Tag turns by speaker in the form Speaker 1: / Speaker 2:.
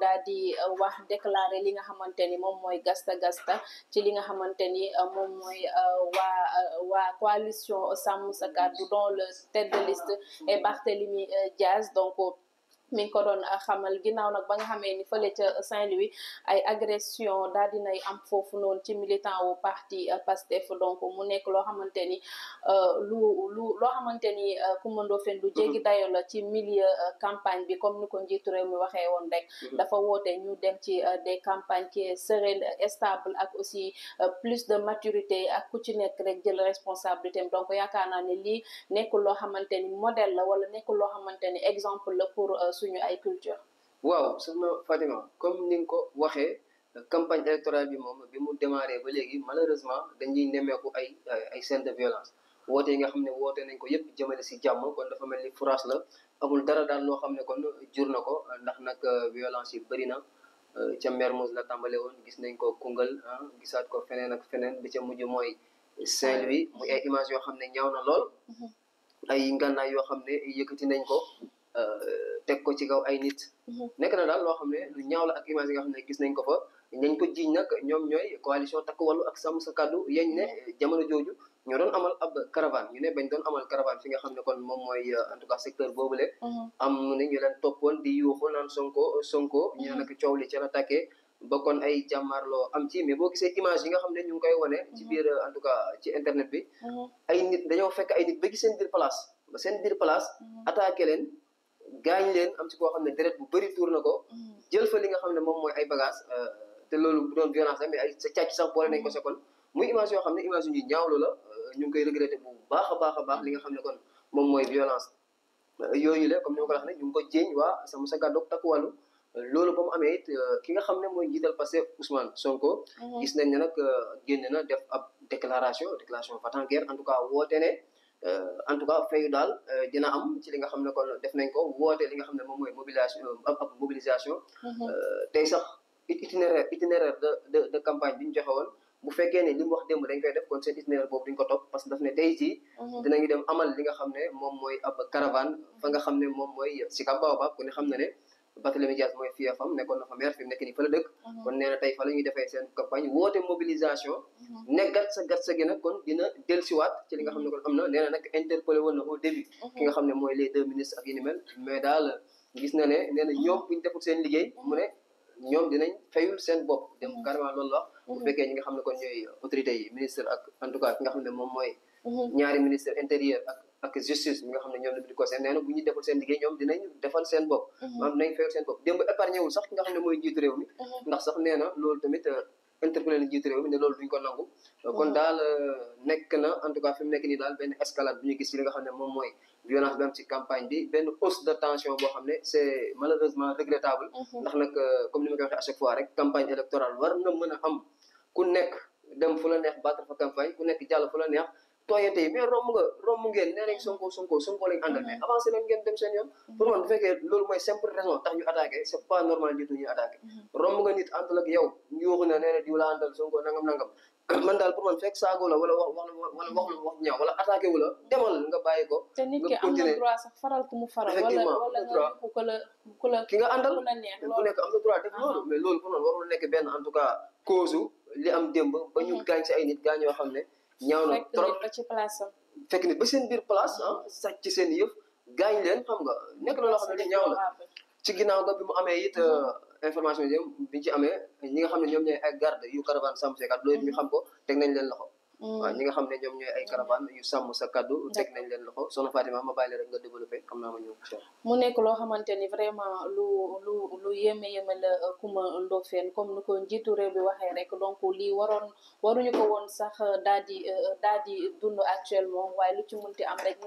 Speaker 1: daal di uh, wax déclaré li nga xamante ni moom mooy gasta gasta ci li nga xamante ni uh, moom mooy uh, waa waa coalition Sàmm Sa Kàddu dont le tête de liste est Barthélémy Dias donc mi ngi ko ah, xamal ginnaaw nag ba nga xamee ni fële ca Saint-Louis ay agression daal dinay am foofu noonu ci militant wu parti ah, Pastef donc mu nekk loo xamante ni ah, lu lu loo xamante ni Coumba Ndoffène lu jéggi mm-hmm. dayo la ci milieu campagne bi comme ni ko njiitu réew mi waxee woon rek mm-hmm. dafa woote ñu dem ci des campagnes qui est sereine ak aussi plus de maturité ak ku ci nekk rek jël responsabilité am donc yaakaar naa ne lii nekkul loo xamante ni modèle la wala nekkul loo xamante ni exemple la suñu ay culture
Speaker 2: waaw soxna Fatima comme ni nga ko waxee campagne électorale bi moom bi mu démarré ba léegi malheureusement dañuy nemmeeku ay ay scènes de violence woote yi nga xam ne woote nañ ko yëpp jëmale si jàmm kon dafa mel ni France la amul dara daal loo xam ne kon jur na ko ndax nag violence yi bëri na ca Mermoz la tàmbale woon gis nañ ko Koungheul ah gisaat ko feneen ak feneen bi ca mujj mooy Saint-Louis moy ay image yoo xam ne ñaaw na lool mhm. yoo xam ne yëkkati nañ ko Euh, teg ko ci kaw ay nit. Mhm. nekk na daal loo xam ne lu ñaaw la ak image yi nga xam ne gis nañ ko fa. nañ ko jiiñ nag ñoom ñooy coalition takku wàllu ak sam sa kaddu yen ne jamono jooju ñoo doon amal ab caravane ñu ne bañ doon amal caravane fi nga xam ne kon moom mooy euh, en tout cas secteur boobule. Mhm. am na ñu leen toppoon di yuuxu naan sonko sonko mhm. ñu nak nag coow li ca a tàkkee ba kon ay jàmmaarloo am ci mais boo gisee image yi nga xam ne ñu ngi koy wane. ci biir euh, en tout cas ci internet bi. ay nit dañoo fekk ay nit ba seen biir place ba seen biir place gaañ leen am koo xam ne deret bu bëri tuur na ko mm. jël fa li nga xam ne moom mooy ay bagage euh, te loolu bu doon violence la mais sa càcc sax boole nañ ko sa kon muy image yoo xam ne image yu la euh, ñu ngi koy regretté bu baax a baax nga xam ne kon moom mooy violence euh, yooyu la comme ni ma ko wax ne ñu ngi ko jéeñ waa sama sa gàddoog takkuwàllu loolu ba amee it ki nga xam ne mooy jiital passé Ousmane Sonko. Mm-hmm. gis nañ ne nag génn na def ab déclaration déclaration va-t-en-guerre en tout cas woote ne Euh, en tout cas fayu daal euh, dina am ci li nga xam ne kon def nañ ko woote li nga xam ne moom mooy mobilisation euh, ab mobilisation. Mhm. tey sax itinéraire itinéraire de de de campagne bi ñu joxe woon bu fekkee ne li mu wax démb dañ koy def kon seen itinéraire boobu duñ ko topp que daf ne tey jii. Mhm. dinañu dem amal li nga xam ne moom mooy ab caravane. fa nga xam ne moom mooy Sicap Baobab ku ne xam na ne. Barthélémy Dias mooy fii fam nekkoon na fa maire fi mu nekk nii fa la dëkk mhm. kon nee tey fa ñuy defee seen campagne woote mobilisation mhm. ne gat sa gi nag kon dina dellusiwaat ci li nga xam ne kon am na nee na nag interpellé woon na au début mhm. ki nga xam ne mooy les deux ministres ak yi mais daal gis na ne nee na te buñu seen liggéey mu ne ñoom dinañ fayul seen bopp dem carrément loolu la fekkee ñi nga xam ne kon ñooy autorités yi ministre ak en tout ki nga xam ne moom mooy ñaari ministre intérieur ak ak justice mi nga xam ne ñoom la bi di conseil ñu mhm. xam ne mooy jiitu réew mhm. tamit euh, interpellé na jiitu réew loolu duñ ko nangu mhm. kon daal euh, nekk na en tout cas fi nekk nii daal benn escalade bu ñu gis ci li nga xam ne moom mooy violence bi am ci campagne bi benn hausse de tension boo xam ne c'est malheureusement regrettable ndax nag euh, comme ni ma ko waxee chaque fois rek campagne électorale war na mën a am ku nekk dem fu la neex battre fa campagne ku nekk jàll fu la neex tooyante yi mais romb nga romb ngeen nee nañ Sonko Sonko Sonko lañ àndal mais avancé leen ngeen dem seen yoon mm-hmm. pour man bu fekkee loolu mooy simple raison tax ñu attaqué c' est pas normal nit ñuy attaqué mm-hmm. romb nga nit àndal ak yow ñu waxu ne nee na diw la àndal Sonko nangam nangam man daal pour man fekk saagoo la wala wax wax wala wax wax ñaaw wala attaqué wu la demal nga bàyyi ko. te nit ki am na droit
Speaker 1: sax faral ku mu faral. effectivement wala wala ku ko la
Speaker 2: ku la ki nga àndal ku nekk am na droit def loolu. mais loolu pour man warul nekk benn en tout cas cause li am démb ba ñu mm-hmm. gaañ si ay nit gaañ yoo xam ne. ñaaw na trop ci place am. fekk nit ba seen biir place ah ci seen yëf gaañ leen xam nga nekk na loo xam ne ñaaw na ci ginnaaw ga bi mu amee it euh, information yi bi ñu ci amee ñi nga xam ne ñoom ñooy ay garde yu caravane Sam Sékat loolu ñu xam ko teg nañ leen loxo. Mm. waaw ñi nga xam ne ñoom ñooy ay caravane yu sàmm sa kaddu teg nañ leen loxo soxna Fatima ma bàyyi la rek nga développé xam naa ma ñëw
Speaker 1: mu nekk loo xamante ni vraiment lu lu lu yéeme yéeme la euh, Coumba Ndoffène comme ni ko njiitu réew bi waxee rek donc lii waroon waruñu ko woon sax euh, daal di euh, daal di dund actuellement waaye lu ci munti am rek